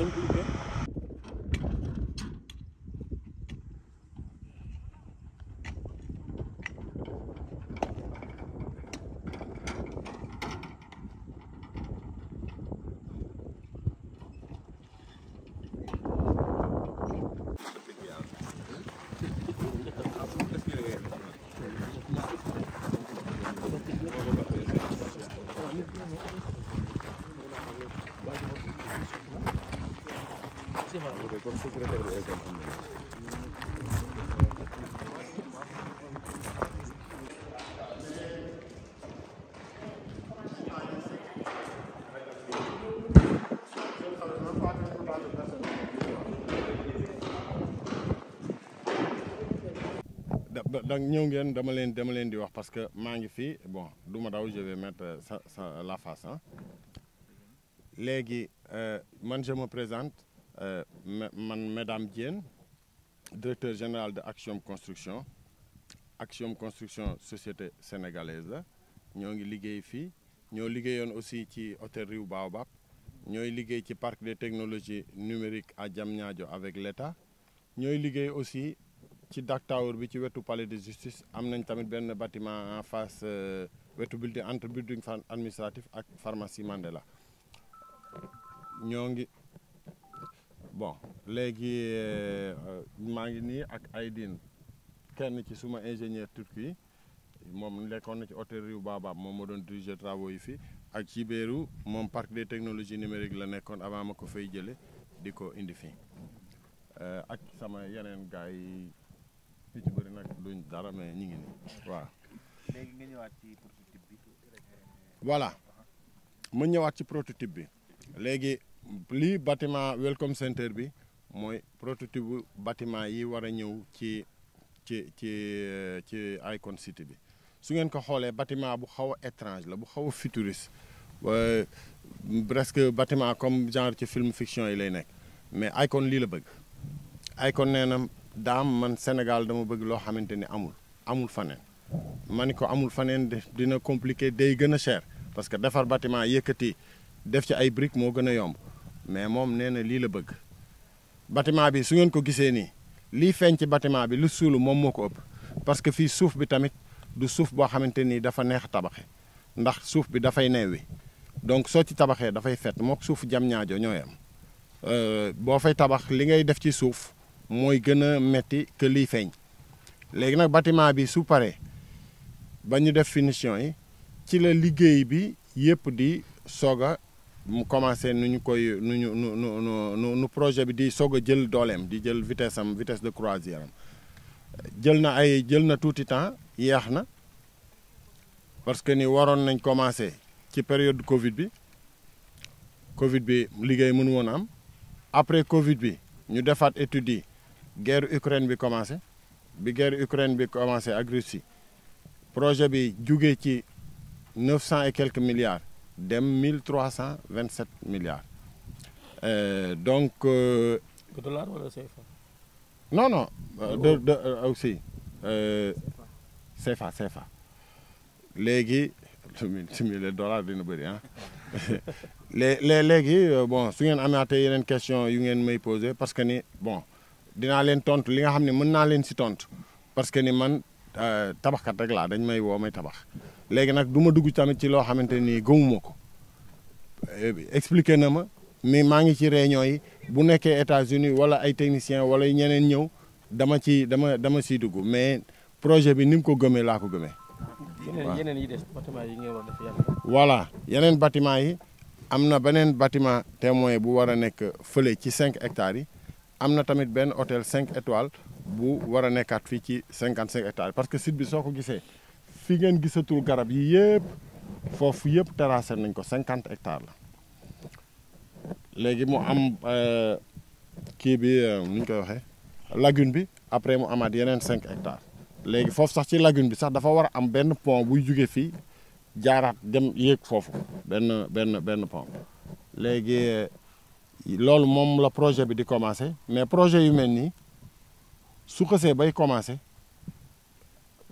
including comme secrétaire bu école am ñëw ngeen dama leen dama leen di wax parce que maa ngi fii bon du daw je vais mettre sa sa léegi euh, man je me présente Euh, man madame Diène directeur général de Axiom Construction Axiom Construction société sénégalaise la ñoo ngi liggéey fii ñoo liggéeyoon aussi ci hôtel Riu Baobab ñooy liggéey ci parc des technologie numériques à Diamniadio avec l'État ñooy liggéey aussi ci Dak Tower bi ci wetu palais de justice am nañ tamit benn bâtiment en face euh, wetu building entre building administratif ak pharmacie Mandela ñoo ngi bon léegi euh, maa ngi nii ak ay din kenn ci suma ingénieur turki moom lekkoon na ci hôtel Riu Baobab moom moo doon diriger travaux yi fii ak ci Béeru moom parc des technologies numériques la nekkoon avant ma ko fay jële di ko indi fii euh, ak sama yeneen gars yi ñu ci bëri nag duñ dara mais ñu ngi nii waaw. léegi nga ñëwaat ci prototype bi. voilà ma ñëwaat ci prototype bi léegi. lii bâtiment welcome center bi mooy prototype bu bâtiment yi war a ñëw ci ci ci ci Icon City bi su ngeen ko xoolee bâtiment bu xaw a étrange la bu xaw a futuriste presque bâtiment comme genre ci film fiction yi lay nekk mais Icon lii la bëgg Icon nee na daam man Sénégal dama bëgg loo xamante ni amul amul faneen ma ni ko amul faneen dina compliqué day gën a cher parce que defar bâtiment yëkkati def ci ay briques moo gën a yomb mais moom nee na lii la bëgg bâtiment bi su ngeen ko gisee nii liy feeñ ci bâtiment bi lu suulu moom moo ko ëpp parce que fii suuf bi tamit du suuf boo xamante ni dafa neex tabaxe ndax suuf bi dafay neewi donc soo ci tabaxee dafay fet mook suuf jam ñaajo ñooy am euh, boo fay tabax li ngay def ci suuf mooy gën a metti que liy feeñ léegi nag bâtiment bi su pare ba ñu def finition yi ci la liggéey bi yëpp di soog a mu commencé nu ñu koy nu ñu nu nu nu nu projet bi di soog a jël dooleem di jël vitesse am vitesse de croisière am jël na ay jël na tuuti temps yeex na parce que ni waroon nañ commencé ci période Covid bi Covid bi liggéey mënu woon am après Covid bi ñu defaat études yi guerre Ukraine bi commencé bi guerre Ukraine bi commencé ak Russie projet bi jugee ci neuf cent et quelques milliards. dem mille trois cent vingt sept milliards euh, donc. Euh, dollar wala CFA. non non. Euh, de de aussi. CFA CFA léegi simile dollar dina bëri ah lée léegi bon su ngeen amaatee yeneen question yu ngeen may posé parce que ni bon dinaa leen tontu li nga xam ni mën naa leen si tontu parce que ni man tabaxkat rek laa dañ may woo may tabax. léegi nag du ma dugg tamit ci loo xamante nii gëmuma ko expliqué na ma mais maa ngi ci réunion yi bu nekkee États-Unis wala ay techniciens wala ñeneen ñëw dama ci dama dama siy dugg mais projet bi ni mu ko gëmee laa ko gëmee. waaw yeneen yi des bâtiment yi voilà yeneen bâtiment yi am na beneen bâtiment témoin bu war a nekk fële ci cinq hectares yi am na tamit benn hôtel cinq étoiles bu war a nekkaat fii ci cinquante cinq hectares parce que site bi soo ko gisee. fi ngeen gisatul garab yii yëpp foofu yëpp terrassé nañ ko cinquante hectares la léegi mu am euh, kii bi euh, nu ñu koy waxee lagune bi après mu amaat yeneen cinq hectares léegi foofu sax ci lagune bi sax dafa war a am benn pont buy jóge fi jaaraat dem yéeg foofu benn benn benn pont léegi euh, loolu moom la projet bi di commencé mais projet yu mel nii su xasee bay commencé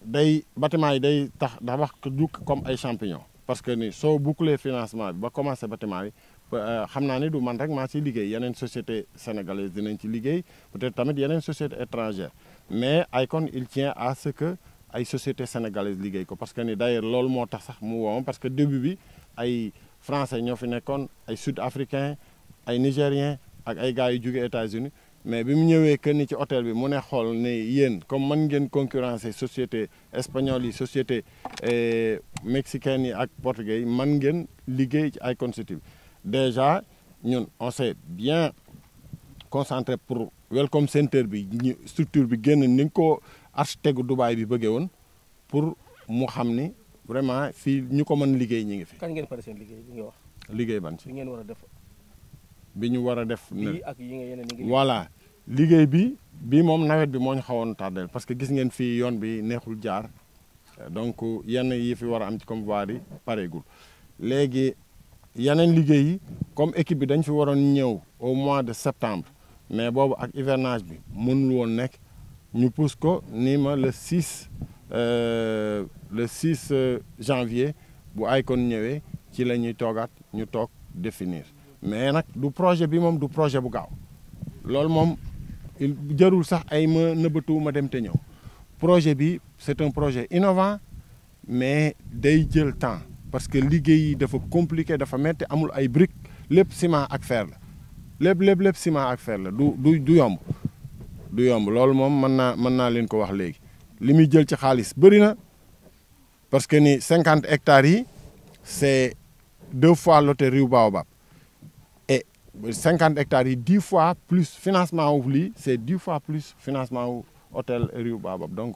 day bâtiment yi day tax dafa wax jukk comme ay champignon parce que ni soo boucler financement bi ba commencé bâtiment yi euh, xam naa ne du man rek maa ciy liggéey yeneen société sénégalaise dinañ ci liggéey peut-être tamit yeneen société étrangère mais Akon il tient à ce que ay société sénégalaise liggéey ko parce que ni day loolu moo tax sax mu woowam parce que début bi ay français ñoo fi nekkoon ay sud africain ay nigérien ak ay gars yu jóge États-Unis mais bi mu ñëwee que ni ci hôtel bi mu ne xool ne yéen comme man ngeen concurrencer société espagnole yi société eh, mexicaine yi ak portugais yi man ngeen liggéey ci Icon City bi déjà ñun on s'est bien concentré pour welcome center bi ñu structure bi génn ni nga ko architecte Dubaï bi bëggee woon pour mu xam ni vraiment fii ñu ko mën liggéey ñi ngi fi. kan ngeen pare seen liggéey bi nga wax. liggéey ban si bi ngeen war a def. bi ñu war a def. ak yeneen voilà. liggéey bi bii moom nawet bi moo ñu xawoon tàddeel parce que gis ngeen fii yoon bi neexul jaar donc yenn yi fi war a am ci comme voies pareegul léegi yeneen liggéey yi comme équipe bi dañ fi waroon ñëw au mois de septembre mais boobu ak hivernage bi mënul woon nekk ñu pousse ko nii ma le 6 euh, le 6 euh, janvier bu ay kon ñëwee ci la ñuy toogaat ñu toog définir mais nag du projet bi moom du projet bu gaaw loolu moom. jarul sax ay ma nëbbatu ma dem te ñëw projet bi c'est un projet innovant mais day jël temps parce que liggéey yi dafa compliqué dafa metti amul ay briques lépp ciment ak fer la lépp lépp lépp ciment ak fer la du du du yomb du yomb loolu moom mën naa mën naa leen ko wax léegi li muy jël ci xaalis bëri na parce que ni cinquante hectares yi c'est deux fois loté Riu Baobab cinquante hectares yi dix fois plus financement wu lii c' est dix fois plus financement wu hôtel Riu Baobab donc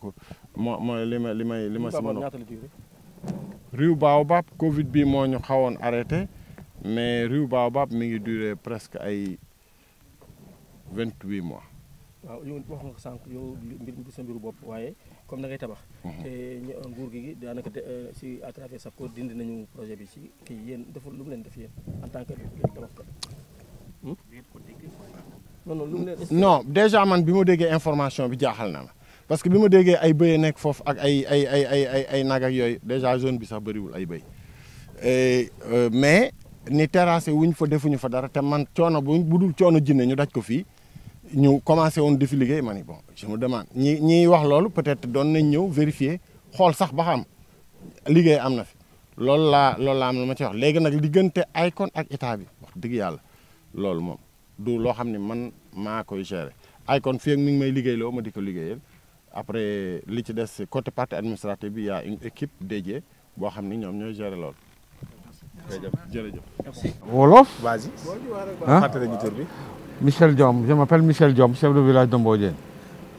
moo mooy li ma li ma li ma si mën Riu Baobab Covid bi moo ñu xawoon arrêté mais Riu Baobab mi ngi duré presque ay vingt huit mois. waaw yow wax nga sànq yow mbir mi sa bopp waaye comme na ngay tabax. Mhm. te ñu nguur gi daanaka euh, si à travers sa ko dindi nañu projet bi ci kii yéen deful lu mu leen def yéen en tant que tabaxkat. non déjà man bi ma déggee information bi jaaxal na ma parce que bi ma déggee ay bëye nekk foofu ak ay ay ay ay ay nag ak yooyu déjà zone bi sax bëriwul ay bëy euh, mais ni terrassé wuñ fa defuñu fa dara te man coono bu bu dul coono jinne ñu daj ko fii ñu commencé woon di fi liggéey ma ni bon je me demande ñi ñiy wax loolu peut-être doon nañ ñëw vérifier xool sax ba xam liggéey am na fi loolu laa loolu laa am na ma ci wax léegi nag diggante Akon ak état bi wax dëgg yàlla. loolu moom du loo xam ne man maa koy gérer ay kon fii ak mi ngi may liggéeyloo ma di ko liggéeyal après li ci des côté partie administrative bi y a une équipe dédiée boo xam ni ñoom ñooy gérer loolu. jërëjëf jërëjëf. merci. wolof. vas-y. ah fàttali ñu tur bi. Michel Diom je m'appelle Michel Diom chef de village de Mbodiène.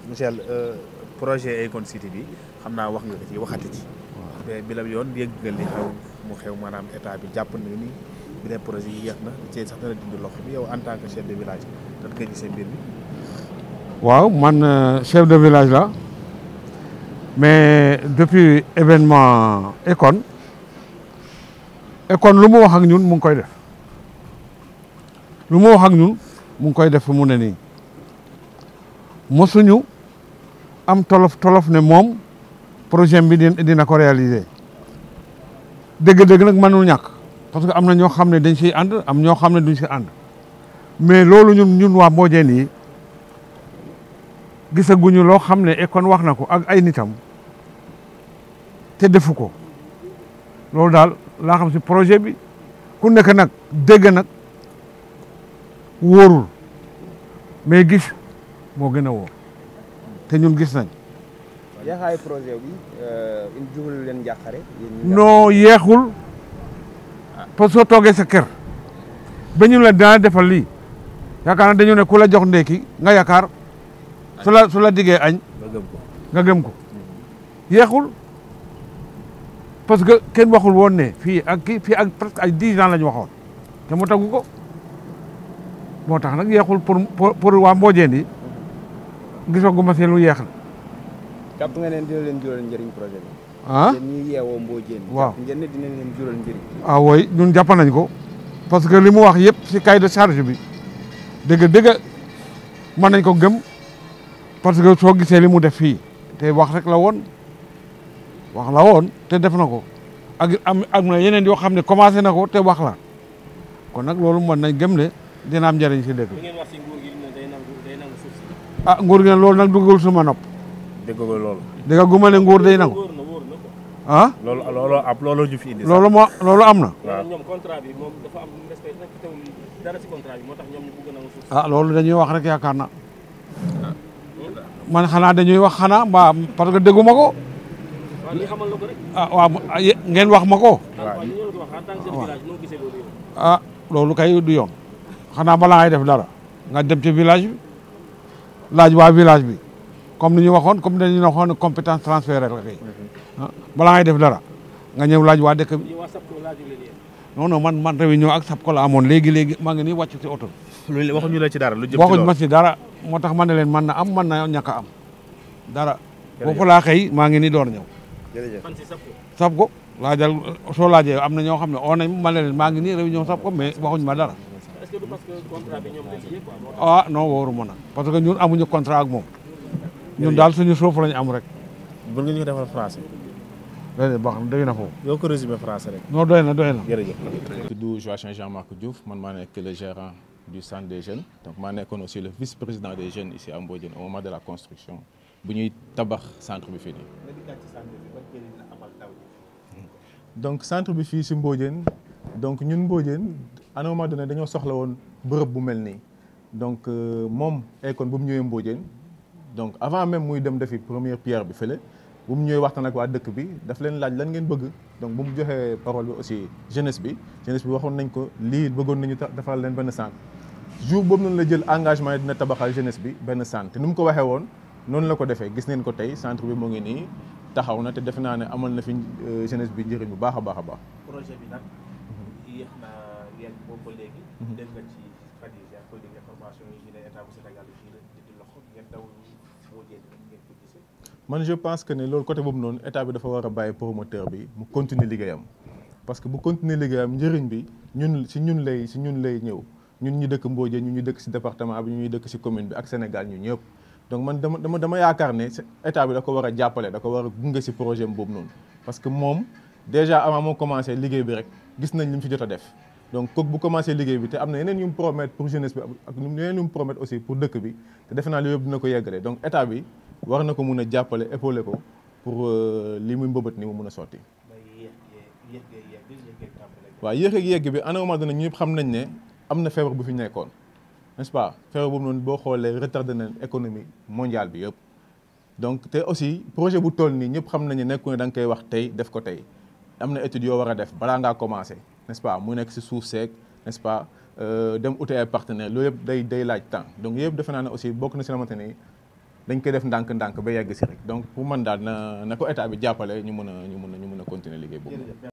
Michel euh, projet Akon City bi xam naa wax nga ko ci waxati ci. bi la yoon yëg nga li xew mu xew maanaam état bi jàpp nañu ni. bi ne projet yi yéex na ci sax dana dindi loxo bi yow en tant que chef de village da nga gisee mbir euh, de village la mais depuis événement Econ Econ lu mu wax ak ñun mu ngi koy def lu mu wax ak ñun mu ngi koy def mun ne nii mosuñu am tolof tolof ne moom projet bi dina ko réaliser dëgg-dëgg nag mënul ñàkk parce que am na ñoo xam ne dañ siy ànd am ñoo xam ne duñ si ànd mais loolu ñun ñun waa Mbodiène yi gisaguñu loo xam ne Akon wax na ko ak ay nitam te defu ko loolu daal laa xam si projet bi ku nekk nag dégg nag wóorul mais gis moo gën a wóor te ñun gis nañ. yeexaayu projet bi euh, indi leen njàqare. yeexul. parce que soo toogee sa kër ba ñu la defal lii yaakaar na dañu ne ku la jox ndéki nga yaakaar su la la diggee añ nga gëm ko yeexul parce que kenn waxul woon ne fii ak kii fii ak presque ay dix ans la ñu waxoon te mu tagu ko moo tax nag yeexul pour pour waa Mbodiène yi gisoo gu ma seen lu yeex la jàpp nga ne dina leen jural njëriñ projet bi ah ñi yeewoo Mbodiène waaw ngeen ne dinañ leen jural njëriñ ah wooy ñun jàpp nañ ko parce que li mu wax yëpp si cahier de charge bi dëgg dëgg mën nañ ko gëm parce que soo gisee li mu def fii te wax rek la woon wax la woon te def na ko ak am am na yeneen yoo xam ne commencé na ko te wax la kon nag loolu mën nañ gëm le dina am njëriñ si dëkk bi. ngeen wax si nguur ah nguur gi nag loolu nag duggul suma nopp. dëgg loolu. dëgg gu ma ne nguur day nangu. ah. loolu loolu ab loolu ñu fi indi. am na. waaw ñoom contrat bi ah, loolu dañuy wax rek yaakaar na hmm? man xanaa dañuy wax xanaa mbaa parce que déggu ma ko. ah waaw ah, ngeen wax ma ko. ah loolu kay du yoon. xanaa balaa ngay def dara nga dem ci village bi laaj waa village bi. comme ni ñu waxoon comme dañu waxoon compétence transférée la kay ah, balaa ngay def dara nga ñëw laaj waa dëkk bi non non man man réunion ak SAPCO la amoon léegi léegi maa ngi nii wàcc si oto bi waxuñu la ci dara lu jëm ci loolu waxuñu ma si dara moo tax man ne leen mën na am mën na ñàkk am dara boofu xëy maa ngi nii door ñëw SAPCO laajal soo laajee am na ñoo xam ne oo nañ ma leen maa ngi nii réunion SAPCO mais waxuñu ma dara ah non wóoru ma nag parce que ñun amuñu contrat ak moom ñun daal suñu suuf lañu am rek. mën nga ñu ko defal français. déedéet baax na doy na ko résumé français rek. non doy na doy na. jërëjëf. tudd Joachim Jean-Marc Diouf man maa nekk le du centre des jeunes donc maa nekkoon aussi le vice président des jeunes ici à Mbodiène au moment de la construction bu ñuy tabax centre bi fii donc centre bi fii si Mbodiène donc ñun Mbodiène à un moment dañoo soxla woon bërëb bu mel nii donc euh, moom Akon bu mu ñëwee Mbodiène. donc avant même muy dem defi première pierre bi fële bu mu ñëwee waxtaan nag waa dëkk bi daf leen laaj lan ngeen bëgg donc bu mu joxee parole bi aussi jeunesse bi jeunesse bi waxoon nañ ko lii bëggoon nañu defal leen benn centre jour boobu noonu la jël engagement yi dina tabaxal jeunesse bi benn centre te ni mu ko waxee woon noonu la ko defee gis neen ko tey centre bi mu ngi nii taxaw na te defe naa ne amal na fi euh, jeunesse bi njëriñ bu baax a baax a baax. projet bi na yéen boobu ba léegi. Mhm. dégg ci Khadija ko dégg information yi ñu ne état bu Sénégal man je pense que ne loolu côté boobu noonu état bi dafa war a bàyyi promoteur bi mu continuer liggéeyam parce que bu continuer liggéeyam njëriñ bi ñun si ñun lay si ñun lay ñëw ñun ñu dëkk Mbodj ñun ñu dëkk si département bi ñu dëkk si commune bi ak Sénégal ñu ñëpp donc man dama dama dama yaakaar ne état bi da ko war a jàppale da ko war a gunge si projet boobu noonu parce que moom déjà avant moo commencé liggéey bi rek gis nañ li mu fi jot a def donc kooku bu commencé liggéey bi te am na yeneen yu mu promettre pour jeunesse bi ak yeneen mu promettre aussi bi te defe naa li yëpp dina ko bi war na ko mun a jàppale épaulé ko pour euh, li muy mbëbët ni mu mun a sotti. waaw yéex yegg bi à un moment ñu ñëpp xam nañ ne am na feebar bu fi nekkoon nest pas feebar boobu noonu boo xoolee retardé na économie bi yëpp. donc te aussi projet bu toll nii ñëpp xam nañ ne nekku ne da koy wax tey def ko tey am na étude yoo war a def balaa ngaa commencé. n'est-ce pas mu nekk si suuf seeg n'est-ce pas euh, dem uti ay partenaire loolu yëpp day day laaj temps donc yëpp defe naa ne aussi bokk na si la xamante ni dañ koy def ndànk-ndànk ba yegg si rek donc pour man daal na na ko état bi jàppale ñu mën a ñu mun a ñu mën a continuer liggéey boobu